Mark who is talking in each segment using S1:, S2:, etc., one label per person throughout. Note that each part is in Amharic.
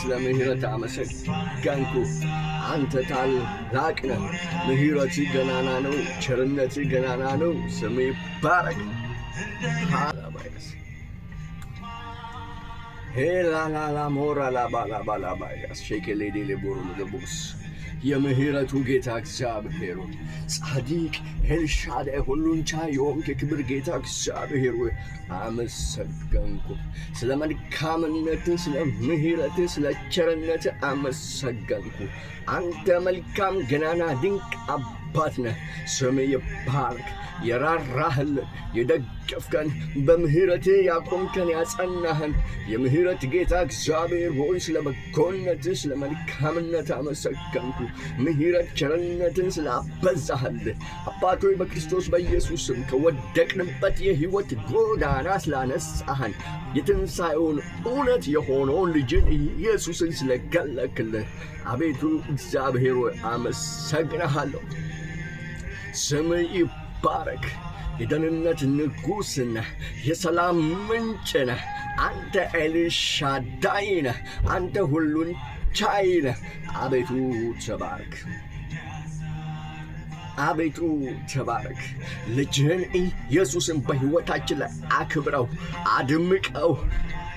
S1: ስለ ምሕረት አመሰገንኩ። አንተ ታላቅ ነህ። ምሕረት ገናና ነው፣ ቸርነት ገናና ነው። ስም ይባረክ። ባላባያስ ሄላላላ ሞራላባላባላባያስ ሼኬሌዴሌ ቦሮ ምግቡስ የምህረቱ ጌታ እግዚአብሔር ሆይ ጻዲቅ ኤልሻዳይ ሁሉን ቻይ የሆንክ የክብር ጌታ እግዚአብሔር ሆይ አመሰገንኩ። ስለ መልካምነት፣ ስለ ምህረት፣ ስለ ቸርነት አመሰገንኩ። አንተ መልካም ገናና ድንቅ አባ አባት ነህ፣ ስም ይባርክ። የራራህልን የደገፍከን፣ በምህረት ያቆምከን፣ ያጸናህን የምህረት ጌታ እግዚአብሔር ሆይ ስለ በጎነትህ፣ ስለ መልካምነት አመሰገንኩ። ምህረት ቸርነትን ስላበዛህልን አባት ሆይ በክርስቶስ በኢየሱስም ከወደቅንበት የህይወት ጎዳና ስላነሳህን የትንሣኤውን እውነት የሆነውን ልጅን ኢየሱስን ስለገለክልን አቤቱ እግዚአብሔር ሆይ አመሰግንሃለሁ። ስም ይባረክ። የደህንነት ንጉሥ ነህ፣ የሰላም ምንጭ ነህ። አንተ ኤልሻዳይ ነህ፣ አንተ ሁሉን ቻይ ነህ። አቤቱ ተባረክ። አቤቱ ተባረክ። ልጅህን ኢየሱስን በሕይወታችን ላይ አክብረው፣ አድምቀው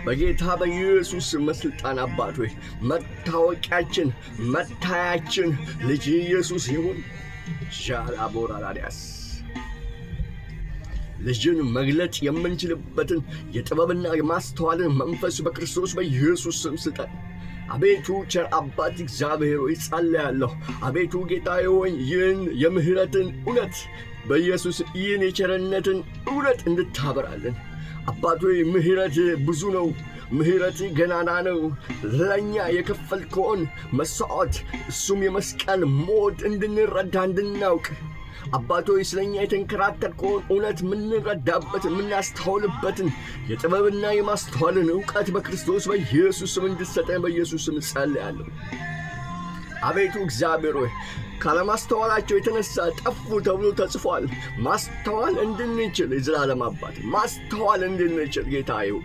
S1: በጌታ በኢየሱስ መስልጣን አባት ሆይ መታወቂያችን መታያችን ልጅ ኢየሱስ ይሁን። ዣላቦራ ልጅን መግለጥ የምንችልበትን የጥበብና የማስተዋልን መንፈስ በክርስቶስ በኢየሱስ ስም ስጠን። አቤቱ ቸር አባት እግዚአብሔር ሆይ ጸልያለሁ። አቤቱ ጌታ ሆይ ይህን የምህረትን እውነት በኢየሱስ ይህን የቸርነትን እውነት እንድታበራለን። አባቶ ምህረት ብዙ ነው፣ ምህረት ገናና ነው። ለእኛ የከፈልከውን መሥዋዕት እሱም የመስቀል ሞት እንድንረዳ እንድናውቅ አባቶ ስለ እኛ የተንከራተትከውን እውነት የምንረዳበት የምናስተውልበትን የጥበብና የማስተዋልን እውቀት በክርስቶስ በኢየሱስ ስም እንድትሰጠን በኢየሱስ ስም ጸልያለሁ። አቤቱ እግዚአብሔር ሆይ ካለማስተዋላቸው የተነሳ ጠፉ ተብሎ ተጽፏል። ማስተዋል እንድንችል የዘላለም አባት ማስተዋል እንድንችል ጌታ ይሁ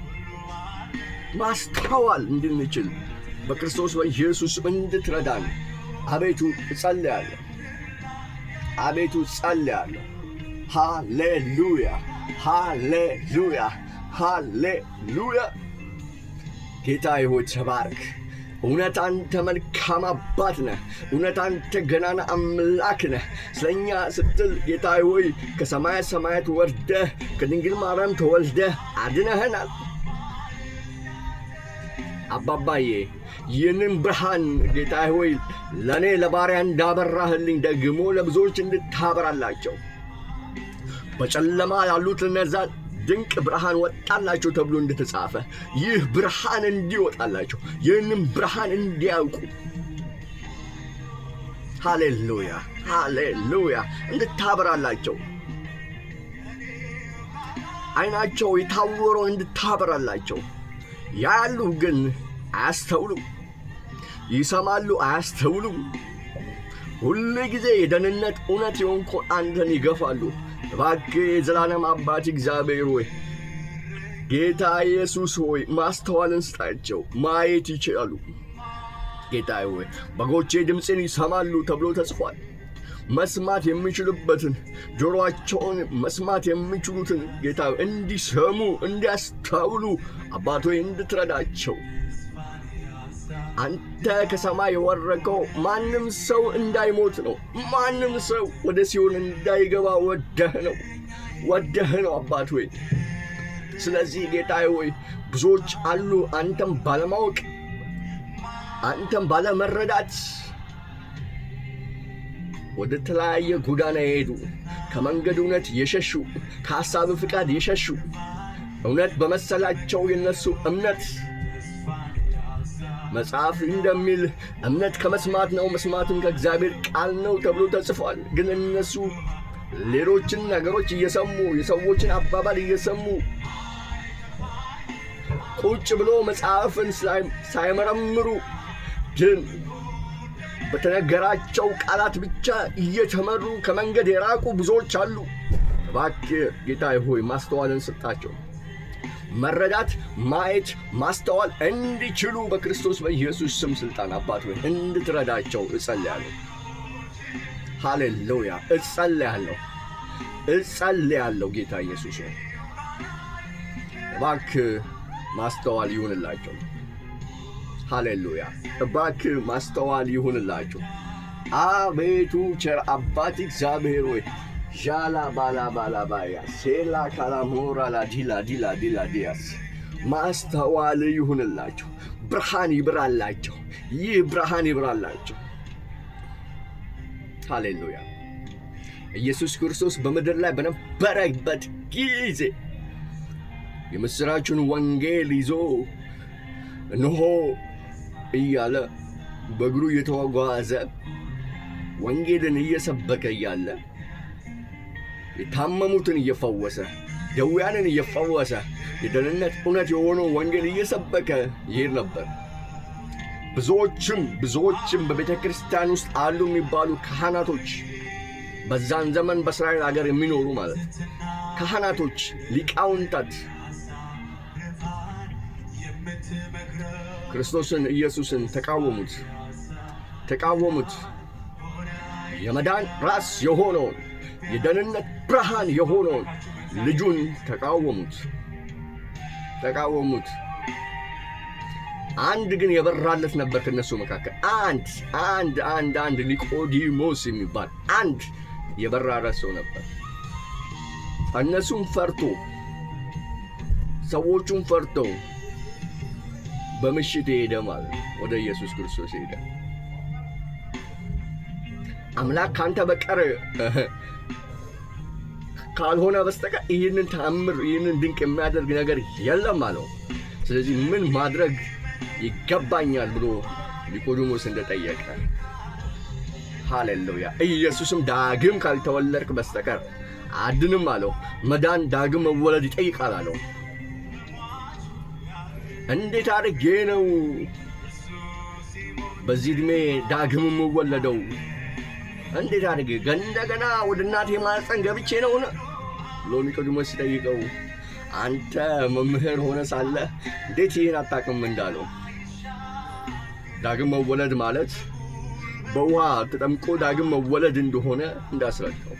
S1: ማስተዋል እንድንችል በክርስቶስ በኢየሱስ እንድትረዳን አቤቱ እጸልያለሁ። አቤቱ እጸልያለሁ። ሃሌሉያ፣ ሃሌሉያ፣ ሃሌሉያ። ጌታ ይሆይ ተባረክ። እውነት አንተ መልካም አባት ነህ። እውነት አንተ ገናና አምላክ ነህ። ስለኛ ስትል ጌታ ሆይ ከሰማየ ሰማያት ወርደህ ከድንግል ማርያም ተወልደህ አድነህናል። አባባዬ ይህንን ብርሃን ጌታ ሆይ ለእኔ ለባሪያ እንዳበራህልኝ ደግሞ ለብዙዎች እንድታበራላቸው በጨለማ ያሉት እነዛ ድንቅ ብርሃን ወጣላቸው ተብሎ እንደተጻፈ ይህ ብርሃን እንዲወጣላቸው ይህንም ብርሃን እንዲያውቁ ሃሌሉያ ሃሌሉያ እንድታበራላቸው አይናቸው የታወረውን እንድታበራላቸው ያያሉ ግን አያስተውሉ፣ ይሰማሉ አያስተውሉ። ሁሉ ጊዜ የደህንነት እውነት የሆንኮ አንተን ይገፋሉ። እባክህ የዘላለም አባት እግዚአብሔር ሆይ ጌታ ኢየሱስ ሆይ ማስተዋልን ስጣቸው፣ ማየት ይችላሉ። ጌታ ሆይ በጎቼ ድምፅን ይሰማሉ ተብሎ ተጽፏል። መስማት የሚችሉበትን ጆሮአቸውን መስማት የሚችሉትን ጌታ እንዲሰሙ እንዲያስታውሉ አባቶ እንድትረዳቸው አንተ ከሰማይ የወረቀው ማንም ሰው እንዳይሞት ነው። ማንም ሰው ወደ ሲኦል እንዳይገባ ወደህ ነው ወደህ ነው አባት ሆይ። ስለዚህ ጌታዬ ሆይ ብዙዎች አሉ አንተም ባለማወቅ አንተም ባለመረዳት ወደ ተለያየ ጎዳና የሄዱ ከመንገድ እውነት የሸሹ ከሐሳብ ፍቃድ የሸሹ እውነት በመሰላቸው የነሱ እምነት መጽሐፍ እንደሚል እምነት ከመስማት ነው፣ መስማትም ከእግዚአብሔር ቃል ነው ተብሎ ተጽፏል። ግን እነሱ ሌሎችን ነገሮች እየሰሙ የሰዎችን አባባል እየሰሙ ቁጭ ብሎ መጽሐፍን ሳይመረምሩ ግን በተነገራቸው ቃላት ብቻ እየተመሩ ከመንገድ የራቁ ብዙዎች አሉ። እባክህ ጌታ ሆይ ማስተዋልን ስጣቸው። መረዳት፣ ማየት፣ ማስተዋል እንዲችሉ በክርስቶስ በኢየሱስ ስም ስልጣን አባት ሆይ እንድትረዳቸው እጸልያለሁ። ሃሌሉያ! እጸልያለሁ፣ እጸልያለሁ። ጌታ ኢየሱስ ሆይ እባክህ ማስተዋል ይሁንላቸው። ሃሌሉያ! እባክህ ማስተዋል ይሁንላቸው። አቤቱ ቸር አባት እግዚአብሔር ሆይ Jala ባላባላባያ ሴላ ካላሞራ ላዲላ ዲላ ዲላ ዲያስ ማስተዋል ይሁንላቸው፣ ብርሃን ይብራላቸው። ይህ ብርሃን ይብራላቸው። ሃሌሉያ። ኢየሱስ ክርስቶስ በምድር ላይ በነበረበት ጊዜ የምስራችን ወንጌል ይዞ እነሆ እያለ በእግሩ እየተጓዘ ወንጌልን እየሰበከ እያለ የታመሙትን እየፈወሰ ደውያንን እየፈወሰ የደህንነት እውነት የሆነው ወንጌል እየሰበከ ይሄድ ነበር። ብዙዎችም ብዙዎችም በቤተ ክርስቲያን ውስጥ አሉ የሚባሉ ካህናቶች በዛን ዘመን በእስራኤል አገር የሚኖሩ ማለት ካህናቶች፣ ሊቃውንታት ክርስቶስን ኢየሱስን ተቃወሙት ተቃወሙት የመዳን ራስ የሆነውን የደህንነት ብርሃን የሆነውን ልጁን ተቃወሙት ተቃወሙት። አንድ ግን የበራለት ነበር ከነሱ መካከል አንድ አንድ አንድ አንድ ኒቆዲሞስ የሚባል አንድ የበራረ ሰው ነበር። እነሱም ፈርቶ ሰዎቹም ፈርቶ በምሽት ሄደ ማለት ወደ ኢየሱስ ክርስቶስ ሄደ። አምላክ ካንተ በቀር ካልሆነ በስተቀር ይህንን ተአምር ይህንን ድንቅ የሚያደርግ ነገር የለም አለው። ስለዚህ ምን ማድረግ ይገባኛል ብሎ ኒቆዲሞስ እንደጠየቀ ሃሌሉያ። ኢየሱስም ዳግም ካልተወለድክ በስተቀር አድንም አለው። መዳን ዳግም መወለድ ይጠይቃል አለው። እንዴት አድርጌ ነው በዚህ ዕድሜ ዳግም የምወለደው? እንዴት አድርጌ እንደገና ወደ እናቴ ማህፀን ገብቼ ነው ሎሚ ኒቆዲሞስ ሲጠይቀው አንተ መምህር ሆነ ሳለ እንዴት ይህን አታውቅም እንዳለው ዳግም መወለድ ማለት በውሃ ተጠምቆ ዳግም መወለድ እንደሆነ እንዳስረዳው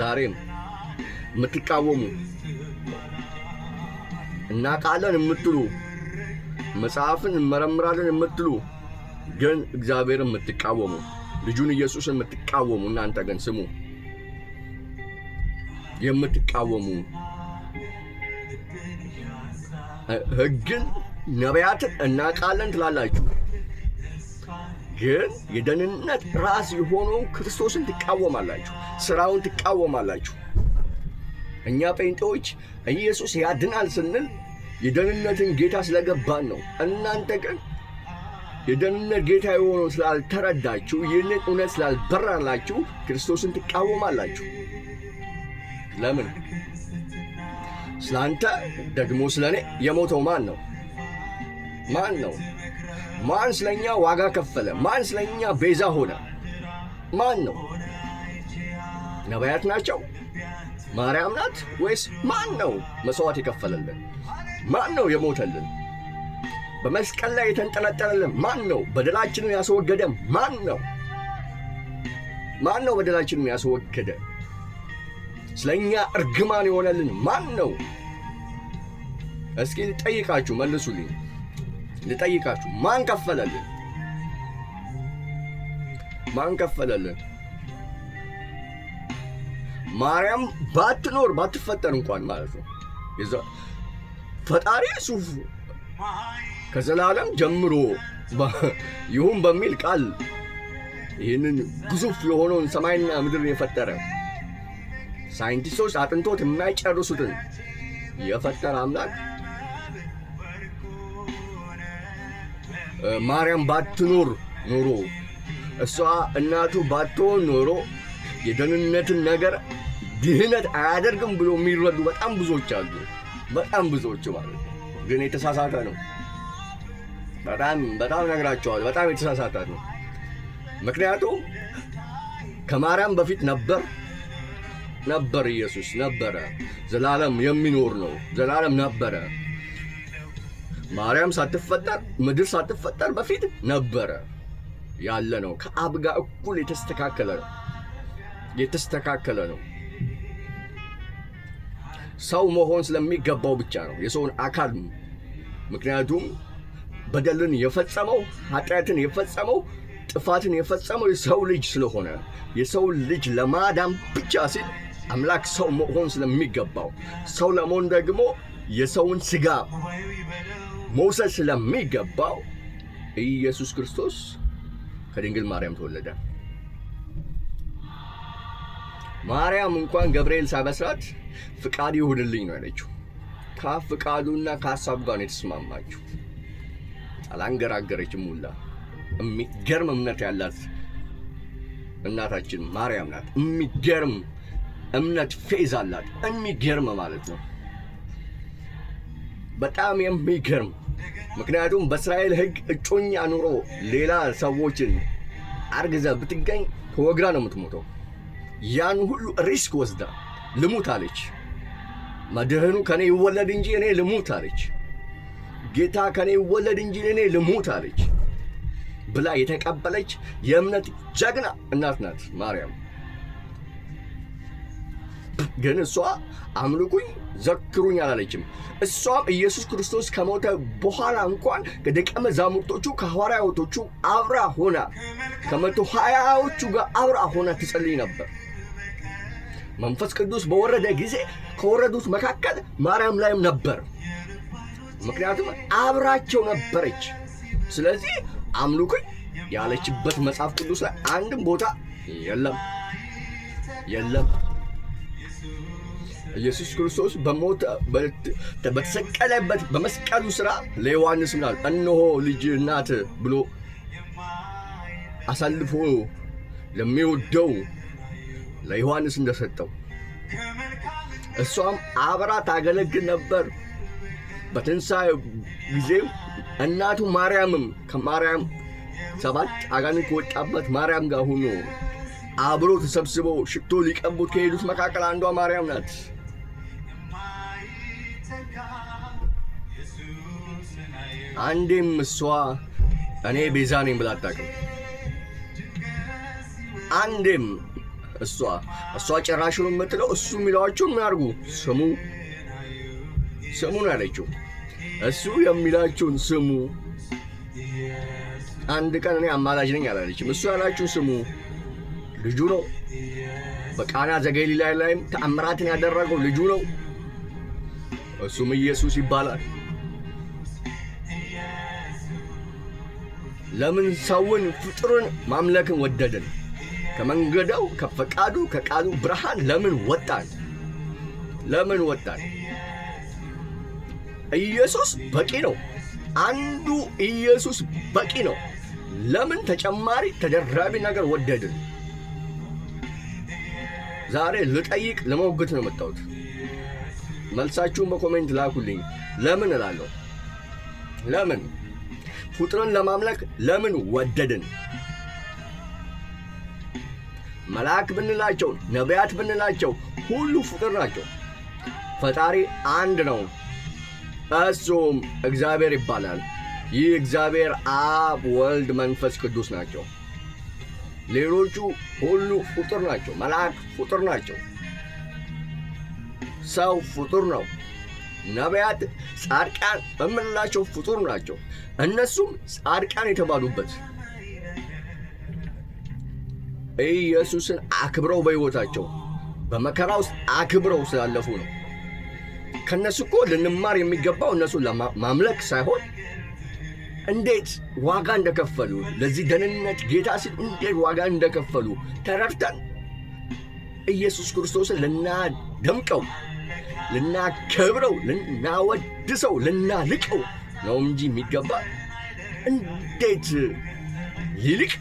S1: ዛሬም የምትቃወሙ እናቃለን የምትሉ መጽሐፍን እንመረምራለን የምትሉ ግን እግዚአብሔርን የምትቃወሙ ልጁን ኢየሱስ የምትቃወሙ እናንተ ግን ስሙ፣ የምትቃወሙ ሕግን ነቢያትን እናቃለን ትላላችሁ፣ ግን የደህንነት ራስ የሆነው ክርስቶስን ትቃወማላችሁ፣ ስራውን ትቃወማላችሁ። እኛ ጴንጤዎች ኢየሱስ ያድናል ስንል የደህንነትን ጌታ ስለገባን ነው። እናንተ ግን የደህንነት ጌታ የሆነው ስላልተረዳችሁ፣ ይህንን እውነት ስላልበራላችሁ ክርስቶስን ትቃወማላችሁ። ለምን? ስለ አንተ ደግሞ ስለ እኔ የሞተው ማን ነው? ማን ነው? ማን ስለ እኛ ዋጋ ከፈለ? ማን ስለ እኛ ቤዛ ሆነ? ማን ነው? ነቢያት ናቸው? ማርያም ናት? ወይስ ማን ነው መሥዋዕት የከፈለልን? ማን ነው የሞተልን? በመስቀል ላይ የተንጠለጠለልን ማን ነው? በደላችንን ያስወገደ ማን ነው? ማን ነው? በደላችንን ያስወገደ ስለ እኛ እርግማን የሆነልን ማን ነው? እስኪ ልጠይቃችሁ፣ መልሱልኝ። ልጠይቃችሁ፣ ማን ከፈለልን? ማን ከፈለልን? ማርያም ባትኖር ባትፈጠር እንኳን ማለት ነው። ፈጣሪ ሱፍ ከዘላለም ጀምሮ ይሁን በሚል ቃል ይህንን ግዙፍ የሆነውን ሰማይና ምድር የፈጠረ ሳይንቲስቶች አጥንቶት የማይጨርሱትን የፈጠረ አምላክ ማርያም ባትኖር ኖሮ እሷ እናቱ ባትሆን ኖሮ የደህንነትን ነገር ድህነት አያደርግም ብሎ የሚረዱ በጣም ብዙዎች አሉ። በጣም ብዙዎች ማለት ግን የተሳሳተ ነው። በጣም በጣም ነግራቸዋል። በጣም የተሳሳታት ነው። ምክንያቱም ከማርያም በፊት ነበር ነበር ኢየሱስ ነበረ። ዘላለም የሚኖር ነው። ዘላለም ነበረ። ማርያም ሳትፈጠር ምድር ሳትፈጠር በፊት ነበረ ያለ ነው። ከአብ ጋር እኩል የተስተካከለ ነው የተስተካከለ ነው። ሰው መሆን ስለሚገባው ብቻ ነው የሰውን አካል ምክንያቱም በደልን የፈጸመው ኃጢአትን የፈጸመው ጥፋትን የፈጸመው የሰው ልጅ ስለሆነ የሰው ልጅ ለማዳም ብቻ ሲል አምላክ ሰው መሆን ስለሚገባው ሰው ለመሆን ደግሞ የሰውን ስጋ መውሰድ ስለሚገባው ኢየሱስ ክርስቶስ ከድንግል ማርያም ተወለደ። ማርያም እንኳን ገብርኤል ሳይበስራት ፍቃድ ይሁንልኝ ነው ያለችው። ከፍቃዱና ከሀሳቡ ጋር ነው የተስማማችው። አላንገራገረችም ሁላ የሚገርም እምነት ያላት እናታችን ማርያም ናት። የሚገርም እምነት ፌዝ አላት። የሚገርም ማለት ነው። በጣም የሚገርም ምክንያቱም በእስራኤል ሕግ እጮኛ ኑሮ ሌላ ሰዎችን አርግዛ ብትገኝ ተወግራ ነው የምትሞተው። ያን ሁሉ ሪስክ ወስዳ ልሙት አለች። መድህኑ ከኔ ይወለድ እንጂ እኔ ልሙት አለች። ጌታ ከኔ ወለድ እንጂ እኔ ልሙት አለች ብላ የተቀበለች የእምነት ጀግና እናት ናት ማርያም። ግን እሷ አምልኩኝ ዘክሩኝ አላለችም። እሷም ኢየሱስ ክርስቶስ ከሞተ በኋላ እንኳን ከደቀ መዛሙርቶቹ ከሐዋርያዎቹ አብራ ሆና ከመቶ ሀያዎቹ ጋር አብራ ሆና ትጸልይ ነበር። መንፈስ ቅዱስ በወረደ ጊዜ ከወረዱት መካከል ማርያም ላይም ነበር። ምክንያቱም አብራቸው ነበረች። ስለዚህ አምልኩኝ ያለችበት መጽሐፍ ቅዱስ ላይ አንድም ቦታ የለም የለም። ኢየሱስ ክርስቶስ በሞተ በተሰቀለበት በመስቀሉ ስራ ለዮሐንስ ምናል እነሆ ልጅ እናት ብሎ አሳልፎ ለሚወደው ለዮሐንስ እንደሰጠው እሷም አብራ ታገለግል ነበር። በትንሣኤ ጊዜ እናቱ ማርያምም ከማርያም ሰባት አጋንንት ከወጣበት ማርያም ጋር ሆኖ አብሮ ተሰብስበው ሽቶ ሊቀቡት ከሄዱት መካከል አንዷ ማርያም ናት። አንዴም እሷ እኔ ቤዛ ነኝ ብላ አታውቅም። አንዴም እሷ እሷ ጨራሽ ነው የምትለው እሱ የሚለዋቸው ምን አድርጉ ስሙ ስሙን አለችው። እሱ የሚላችሁን ስሙ። አንድ ቀን እኔ አማላጅ ነኝ አላለችም። እሱ ያላችሁ ስሙ። ልጁ ነው። በቃና ዘገሊላ ላይም ተአምራትን ያደረገው ልጁ ነው። እሱም ኢየሱስ ይባላል። ለምን ሰውን ፍጡርን ማምለክን ወደድን? ከመንገደው ከፈቃዱ ከቃሉ ብርሃን ለምን ወጣን? ለምን ወጣን? ኢየሱስ በቂ ነው። አንዱ ኢየሱስ በቂ ነው። ለምን ተጨማሪ ተደራቢ ነገር ወደድን? ዛሬ ልጠይቅ ለመውገት ነው የመጣሁት። መልሳችሁን በኮሜንት ላኩልኝ። ለምን እላለሁ። ለምን ፍጡርን ለማምለክ ለምን ወደድን? መልአክ ብንላቸው ነቢያት ብንላቸው ሁሉ ፍጡር ናቸው። ፈጣሪ አንድ ነው። እሱም እግዚአብሔር ይባላል። ይህ እግዚአብሔር አብ፣ ወልድ፣ መንፈስ ቅዱስ ናቸው። ሌሎቹ ሁሉ ፍጡር ናቸው። መላእክት ፍጡር ናቸው። ሰው ፍጡር ነው። ነቢያት፣ ጻድቃን የምንላቸው ፍጡር ናቸው። እነሱም ጻድቃን የተባሉበት ኢየሱስን አክብረው በሕይወታቸው በመከራ ውስጥ አክብረው ስላለፉ ነው። ከእነሱ እኮ ልንማር የሚገባው እነሱ ማምለክ ሳይሆን እንዴት ዋጋ እንደከፈሉ ለዚህ ደህንነት ጌታ ሲል እንዴት ዋጋ እንደከፈሉ ተረድተን ኢየሱስ ክርስቶስን ልናደምቀው፣ ልናከብረው፣ ልናወድሰው፣ ልናልቀው ነው እንጂ የሚገባ እንዴት ሊልቅ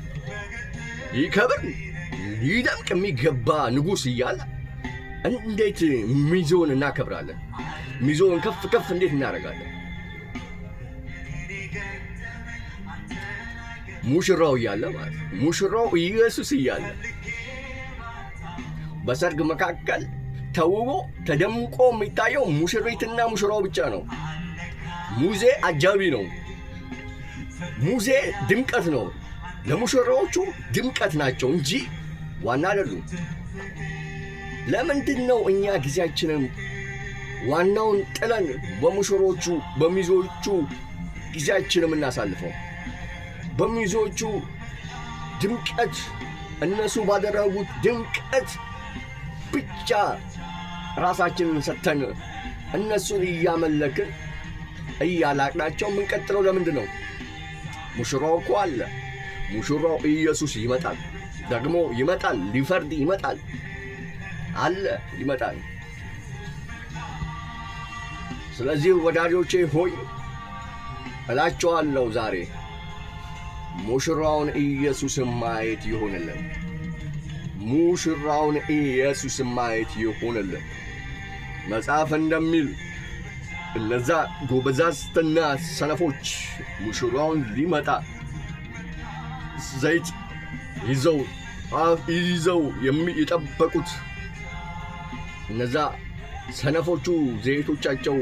S1: ሊከብር ሊደምቅ የሚገባ ንጉሥ እያለ እንዴት ሚዞን እናከብራለን? ሚዞን ከፍ ከፍ እንዴት እናደርጋለን? ሙሽራው እያለ ማለት ሙሽራው ኢየሱስ እያለ በሰርግ መካከል ተውቦ ተደምቆ የሚታየው ሙሽሪትና ሙሽራው ብቻ ነው። ሙዜ አጃቢ ነው። ሙዜ ድምቀት ነው። ለሙሽራዎቹ ድምቀት ናቸው እንጂ ዋና አይደሉም። ለምንድን ነው እኛ ጊዜያችንን ዋናውን ጥለን በሙሽሮቹ በሚዜዎቹ ጊዜያችን የምናሳልፈው? በሚዜዎቹ ድምቀት እነሱ ባደረጉት ድምቀት ብቻ ራሳችንን ሰጥተን እነሱን እያመለክን እያላቅናቸው የምንቀጥለው ለምንድን ነው? ሙሽራው እኮ አለ። ሙሽራው ኢየሱስ ይመጣል፣ ደግሞ ይመጣል፣ ሊፈርድ ይመጣል። አለ ይመጣል። ስለዚህ ወዳጆቼ ሆይ እላቸዋለሁ ዛሬ ሙሽራውን ኢየሱስን ማየት ይሆንልን። ሙሽራውን ኢየሱስን ማየት ይሆንልን። መጽሐፍ እንደሚል እነዛ ጎበዛዝትና ሰነፎች ሙሽራውን ሊመጣ ዘይት ይዘው ይዘው የሚጠበቁት እነዛ ሰነፎቹ ዘይቶቻቸው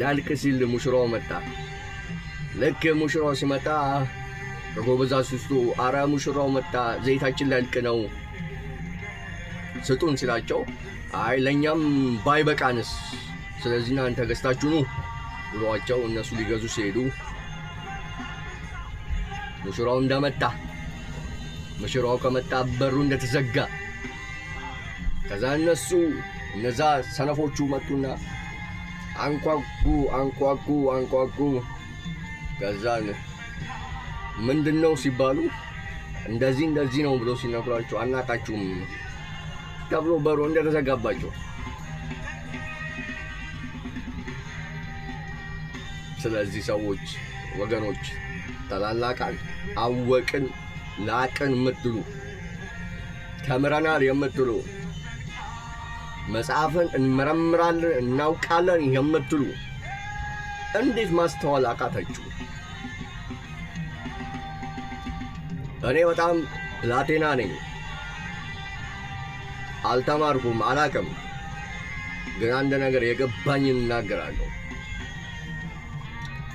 S1: ላልክ ሲል ሙሽራው መጣ። ልክ ሙሽራው ሲመጣ ከጎበዛዝ ውስጡ አረ ሙሽራው መጣ፣ ዘይታችን ላልቅ ነው ስጡን ሲላቸው፣ አይ ለእኛም ባይበቃንስ ስለዚህ እናንተ ገዝታችሁ ኑ ብሏቸው እነሱ ሊገዙ ሲሄዱ ሙሽራው እንደመጣ ሙሽራው ከመጣ በሩ እንደተዘጋ ከዛ እነሱ እነዛ ሰነፎቹ መጡና አንኳኩ አንኳኩ አንኳኩ። ከዛን ምንድን ነው ሲባሉ እንደዚህ እንደዚህ ነው ብሎ ሲነግሯቸው አናቃችሁም ተብሎ በሮ እንደተዘጋባቸው። ስለዚህ ሰዎች ወገኖች፣ ተላላቃን አወቅን ላቅን የምትሉ ተምረናል የምትሉ መጽሐፍን እንመረምራለን እናውቃለን የምትሉ እንዴት ማስተዋል አቃታችሁ? እኔ በጣም ብላቴና ነኝ፣ አልተማርኩም፣ አላቅም። ግን አንድ ነገር የገባኝን እናገራለሁ።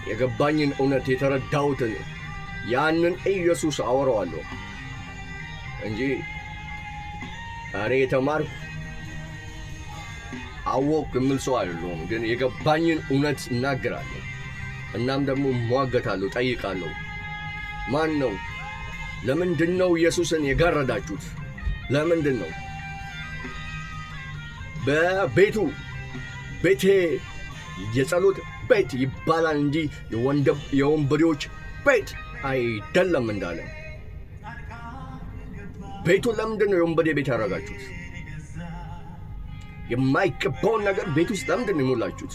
S1: የገባኝን እውነት የተረዳሁትን ያንን ኢየሱስ አወራዋለሁ እንጂ እኔ የተማርኩ አወቅ የምል ሰው አይደለሁም፣ ግን የገባኝን እውነት እናገራለሁ። እናም ደግሞ እሟገታለሁ፣ ጠይቃለሁ። ማን ነው? ለምንድን ነው ኢየሱስን የጋረዳችሁት? ለምንድን ነው በቤቱ ቤቴ የጸሎት ቤት ይባላል እንጂ የወንበዴዎች ቤት አይደለም እንዳለ ቤቱ ለምንድን ነው የወንበዴ ቤት ያደረጋችሁት? የማይገባውን ነገር ቤት ውስጥ ለምንድን ነው የሞላችሁት?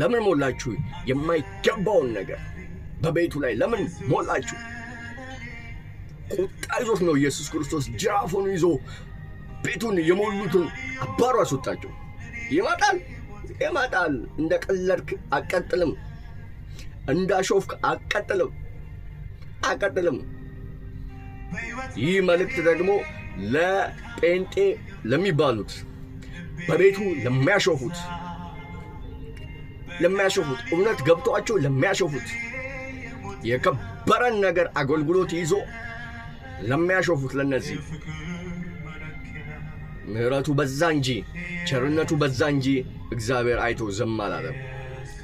S1: ለምን ሞላችሁ? የማይገባውን ነገር በቤቱ ላይ ለምን ሞላችሁ? ቁጣ ይዞት ነው ኢየሱስ ክርስቶስ ጅራፉን ይዞ ቤቱን የሞሉትን አባሩ አስወጣቸው። ይመጣል ይመጣል። እንደ ቀለድክ አቀጥልም፣ እንዳሾፍክ አቀጥልም አቀጥልም። ይህ መልእክት ደግሞ ለጴንጤ ለሚባሉት በቤቱ ለሚያሾፉት ለሚያሾፉት እውነት ገብቷቸው ለሚያሾፉት የከበረን ነገር አገልግሎት ይዞ ለሚያሾፉት ለነዚህ ምሕረቱ በዛ እንጂ ቸርነቱ በዛ እንጂ እግዚአብሔር አይቶ ዝም አላለም።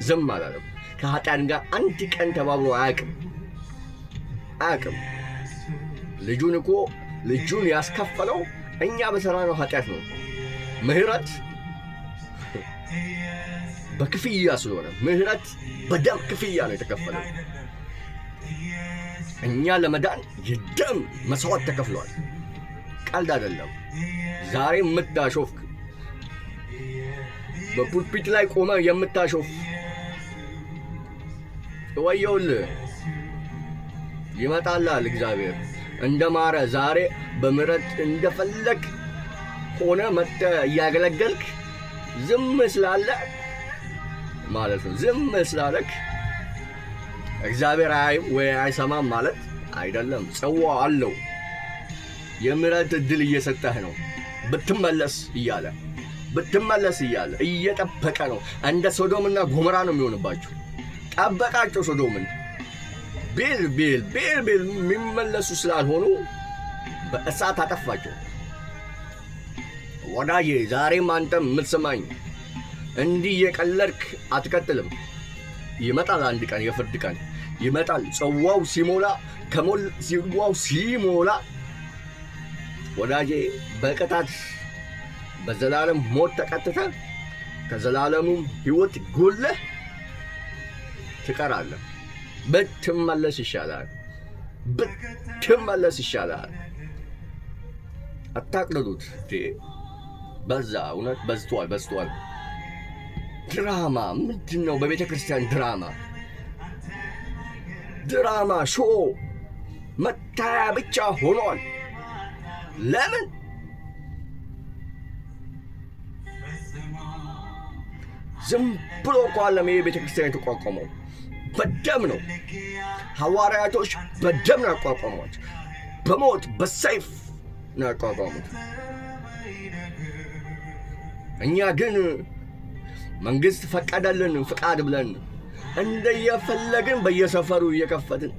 S1: ዝም አላለም። ከኃጢአን ጋር አንድ ቀን ተባብሮ አያቅም አያቅም። ልጁን እኮ ልጁን ያስከፈለው እኛ በሰራ ነው ኃጢአት ነው። ምህረት በክፍያ ስለሆነ ምህረት በደም ክፍያ ነው የተከፈለው። እኛ ለመዳን የደም መስዋዕት ተከፍሏል። ቀልድ አይደለም። ዛሬ የምታሾፍክ በፑልፒት ላይ ቆመ የምታሾፍ እወየውል ይመጣላል እግዚአብሔር እንደማረ ዛሬ በምረት እንደፈለግ ሆነ መጠ እያገለገልክ ዝም ስላለ ማለት ነው። ዝም ስላለክ እግዚአብሔር አይ ወይ አይሰማም ማለት አይደለም። ጽዋ አለው የምረት እድል እየሰጠህ ነው። ብትመለስ እያለ ብትመለስ እያለ እየጠበቀ ነው። እንደ ሶዶምና ጎሞራ ነው የሚሆንባቸው ጠበቃቸው ሶዶምን ቤል ቤል የሚመለሱ ስላልሆኑ በእሳት አጠፋቸው። ወዳጄ ዛሬም አንተም የምትሰማኝ እንዲህ የቀለድክ አትቀጥልም። ይመጣል አንድ ቀን፣ የፍርድ ቀን ይመጣል። ጽዋው ሲሞላ ጽዋው ሲሞላ ወዳጄ በቅጣት በዘላለም ሞት ተቀጥተ ከዘላለሙም ሕይወት ጎለህ ትቀራለህ። ብትመለስ ይሻላል፣ ብትመለስ ይሻላል። አታቅልሉት። በዛ እውነት በዝቷል፣ በዝቷል። ድራማ ምንድን ነው? በቤተ ክርስቲያን ድራማ ድራማ ሾ መታያ ብቻ ሆኗል። ለምን ዝም ብሎ እኮ አለም ይሄ ቤተ ክርስቲያን የተቋቋመው? በደም ነው። ሐዋርያቶች በደም ነው ያቋቋሟት፣ በሞት በሰይፍ ነው ያቋቋሙት። እኛ ግን መንግሥት ፈቀደልን ፍቃድ ብለን እንደየፈለግን በየሰፈሩ እየከፈትን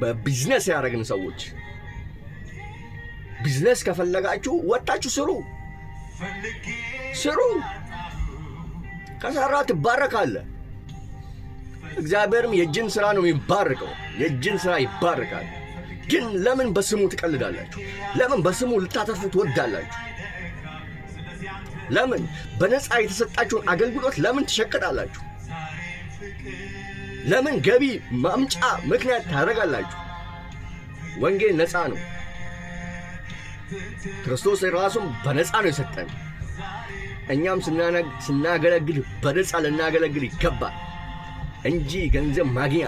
S1: በቢዝነስ ያደረግን ሰዎች። ቢዝነስ ከፈለጋችሁ ወጣችሁ ስሩ ስሩ፣ ከሰራ ትባረካለህ። እግዚአብሔርም የእጅን ሥራ ነው የሚባርቀው። የእጅን ሥራ ይባርቃል። ግን ለምን በስሙ ትቀልዳላችሁ? ለምን በስሙ ልታተርፉ ትወዳላችሁ? ለምን በነፃ የተሰጣችሁን አገልግሎት ለምን ትሸቅጣላችሁ? ለምን ገቢ ማምጫ ምክንያት ታደርጋላችሁ? ወንጌል ነፃ ነው። ክርስቶስ ራሱም በነፃ ነው የሰጠን። እኛም ስናገለግል በነፃ ልናገለግል ይገባል። እንጂ ገንዘብ ማግኛ።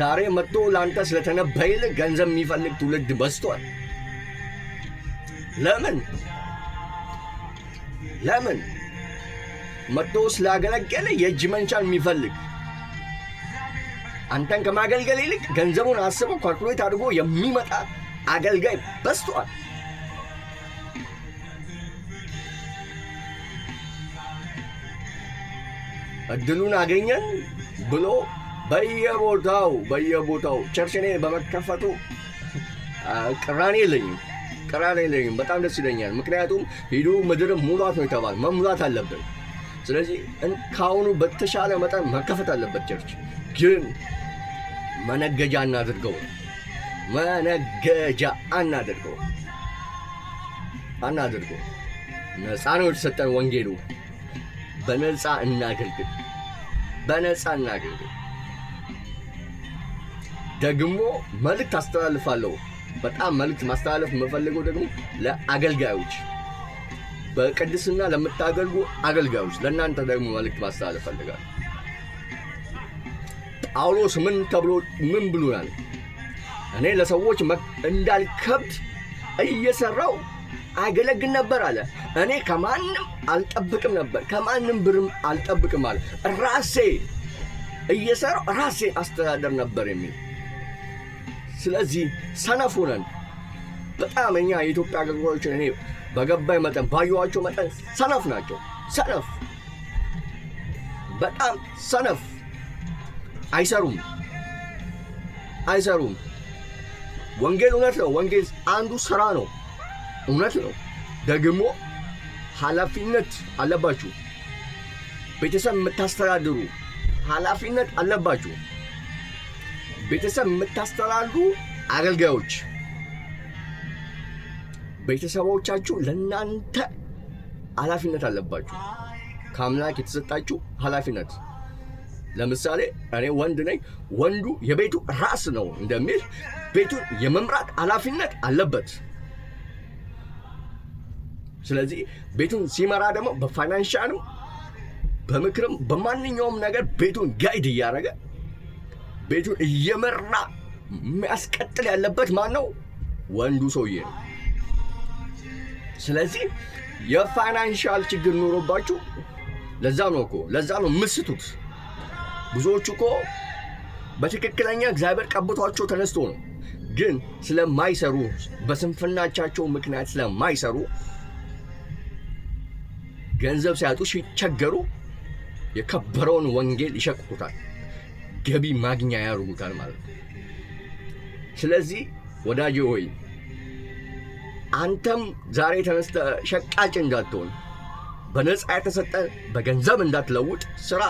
S1: ዛሬ መጥቶ ለአንተ ስለተነበይል ገንዘብ የሚፈልግ ትውልድ በዝቷል። ለምን ለምን መጥቶ ስላገለገለ የእጅ መንቻን የሚፈልግ አንተን ከማገልገል ይልቅ ገንዘቡን አስበው ኳልኩሌት አድርጎ የሚመጣ አገልጋይ በዝቷል። እድሉን አገኘን ብሎ በየቦታው በየቦታው ቸርችኔ በመከፈቱ ቅራኔ የለኝም፣ ቅራኔ የለኝም። በጣም ደስ ይለኛል። ምክንያቱም ሂዱ ምድር ሙሏት ነው የተባል መሙላት አለብን። ስለዚህ ከአሁኑ በተሻለ መጠን መከፈት አለበት ቸርች። ግን መነገጃ እናድርገው፣ መነገጃ አናድርገው፣ አናድርገው። ነፃ ነው የተሰጠን ወንጌሉ። በነፃ እናገልግል፣ በነፃ እናገልግል። ደግሞ መልእክት አስተላልፋለሁ። በጣም መልእክት ማስተላለፍ የምፈልገው ደግሞ ለአገልጋዮች፣ በቅድስና ለምታገልጉ አገልጋዮች ለእናንተ ደግሞ መልእክት ማስተላለፍ ፈልጋለሁ። ጳውሎስ ምን ተብሎ ምን ብሎናል? እኔ ለሰዎች እንዳልከብድ እየሰራው አገለግል ነበር አለ። እኔ ከማንም አልጠብቅም ነበር፣ ከማንም ብርም አልጠብቅም አለ። ራሴ እየሰራው ራሴ አስተዳደር ነበር የሚል ስለዚህ ሰነፍ ነን በጣም እኛ የኢትዮጵያ አገልጋዮችን እኔ በገባኝ መጠን ባየኋቸው መጠን ሰነፍ ናቸው። ሰነፍ በጣም ሰነፍ አይሰሩም፣ አይሰሩም። ወንጌል እውነት ነው። ወንጌል አንዱ ስራ ነው፣ እውነት ነው ደግሞ ኃላፊነት አለባችሁ። ቤተሰብ የምታስተዳድሩ ኃላፊነት አለባችሁ። ቤተሰብ የምታስተዳድሩ አገልጋዮች ቤተሰቦቻችሁ ለእናንተ ኃላፊነት አለባችሁ። ከአምላክ የተሰጣችሁ ኃላፊነት ለምሳሌ እኔ ወንድ ነኝ። ወንዱ የቤቱ ራስ ነው እንደሚል ቤቱን የመምራት ኃላፊነት አለበት። ስለዚህ ቤቱን ሲመራ ደግሞ በፋይናንሻልም በምክርም በማንኛውም ነገር ቤቱን ጋይድ እያደረገ ቤቱን እየመራ የሚያስቀጥል ያለበት ማን ነው? ወንዱ ሰውዬ ነው። ስለዚህ የፋይናንሻል ችግር ኖሮባችሁ ለዛ ነው እኮ ለዛ ነው ምስቱት። ብዙዎቹ እኮ በትክክለኛ እግዚአብሔር ቀብቷቸው ተነስቶ ነው፣ ግን ስለማይሰሩ በስንፍናቻቸው ምክንያት ስለማይሰሩ ገንዘብ ሳያጡ ሲቸገሩ የከበረውን ወንጌል ይሸቁታል። ገቢ ማግኛ ያደርጉታል ማለት ነው። ስለዚህ ወዳጅ ሆይ አንተም ዛሬ ተነስተ ሸቃጭ እንዳትሆን፣ በነፃ የተሰጠ በገንዘብ እንዳትለውጥ፣ ስራ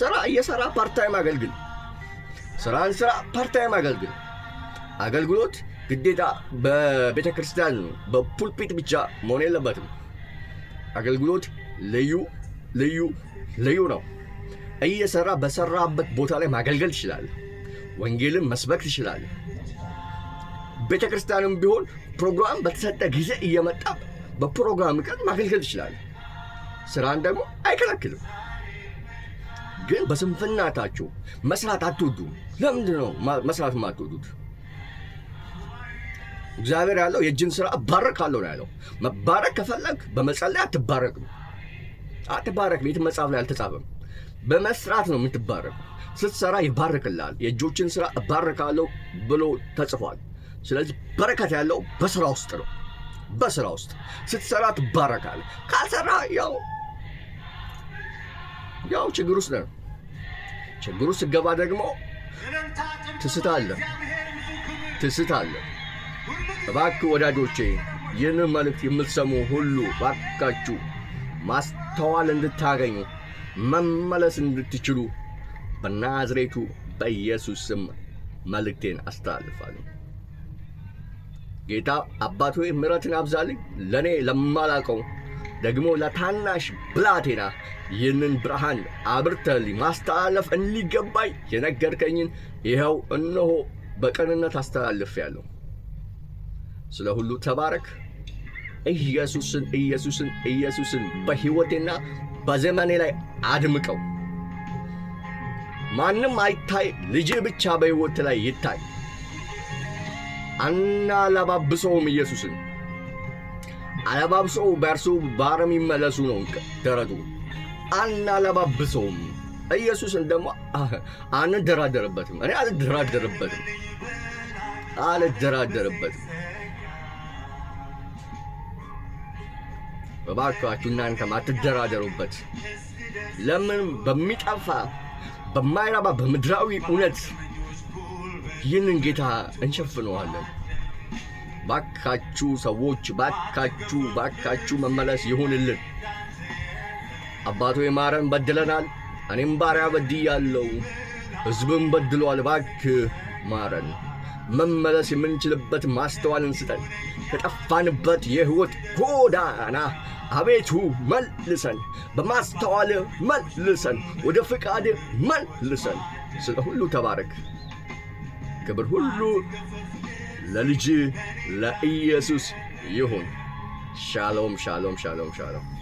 S1: ስራ እየሰራ ፓርታይም አገልግል። ስራን ስራ ፓርታይም አገልግል። አገልግሎት ግዴታ በቤተ ክርስቲያን በፑልፒት ብቻ መሆን የለበትም። አገልግሎት ልዩ ልዩ ልዩ ነው። እየሰራ በሰራበት ቦታ ላይ ማገልገል ትችላለህ። ወንጌልን መስበክ ትችላለህ። ቤተ ክርስቲያንም ቢሆን ፕሮግራም በተሰጠ ጊዜ እየመጣ በፕሮግራም ቀን ማገልገል ትችላለህ። ስራን ደግሞ አይከለክልም። ግን በስንፍናታችሁ መስራት አትወዱም። ለምንድን ነው መስራት የማትወዱት? እግዚአብሔር ያለው የእጅን ስራ እባረካለሁ ነው ያለው። መባረክ ከፈለግ በመጸለይ አትባረቅም አትባረክም። የትም መጽሐፍ ላይ አልተጻፈም። በመስራት ነው የምትባረክ። ስትሰራ ይባርክልሃል። የእጆችን ስራ እባርካለሁ ብሎ ተጽፏል። ስለዚህ በረከት ያለው በስራ ውስጥ ነው። በስራ ውስጥ ስትሰራ ትባረካል። ካልሰራ ያው ያው ችግር ውስጥ ነው። ችግር ውስጥ ስገባ ደግሞ ትስታለህ፣ ትስታለህ እባክ ወዳጆቼ ይህንን መልእክት የምትሰሙ ሁሉ ባካችሁ ማስተዋል እንድታገኙ መመለስ እንድትችሉ በናዝሬቱ በኢየሱስ ስም መልእክቴን አስተላልፋለሁ። ጌታ አባቶ ምሕረትን አብዛልኝ። ለእኔ ለማላቀው ደግሞ ለታናሽ ብላቴና ይህንን ብርሃን አብርተልኝ ማስተላለፍ እንዲገባኝ የነገርከኝን ይኸው እነሆ በቅንነት አስተላልፌአለሁ። ስለ ሁሉ ተባረክ። ኢየሱስን ኢየሱስን ኢየሱስን በሕይወቴና በዘመኔ ላይ አድምቀው። ማንም አይታይ፣ ልጅ ብቻ በሕይወት ላይ ይታይ። አናለባብሰውም ኢየሱስን አለባብሰው በእርሱ ባረም ይመለሱ ነው ደረቱ አናለባብሰውም ኢየሱስን ደግሞ አንደራደርበትም። እኔ አልደራደርበትም፣ አልደራደርበትም። በባካችሁ እናንተም አትደራደሩበት። ለምን በሚጠፋ በማይረባ በምድራዊ እውነት ይህንን ጌታ እንሸፍነዋለን? ባካችሁ ሰዎች፣ ባካችሁ ባካችሁ መመለስ ይሁንልን። አባቶ የማረን በድለናል። እኔም ባሪያ በድያለሁ፣ ሕዝብም በድሏል። ባክ ማረን። መመለስ የምንችልበት ማስተዋልን ስጠን። ከጠፋንበት የሕይወት ጎዳና አቤቱ መልሰን፣ በማስተዋል መልሰን፣ ወደ ፍቃድ መልሰን። ስለ ሁሉ ተባረክ። ክብር ሁሉ ለልጅ ለኢየሱስ ይሁን። ሻሎም ሻሎም ሻሎም ሻሎም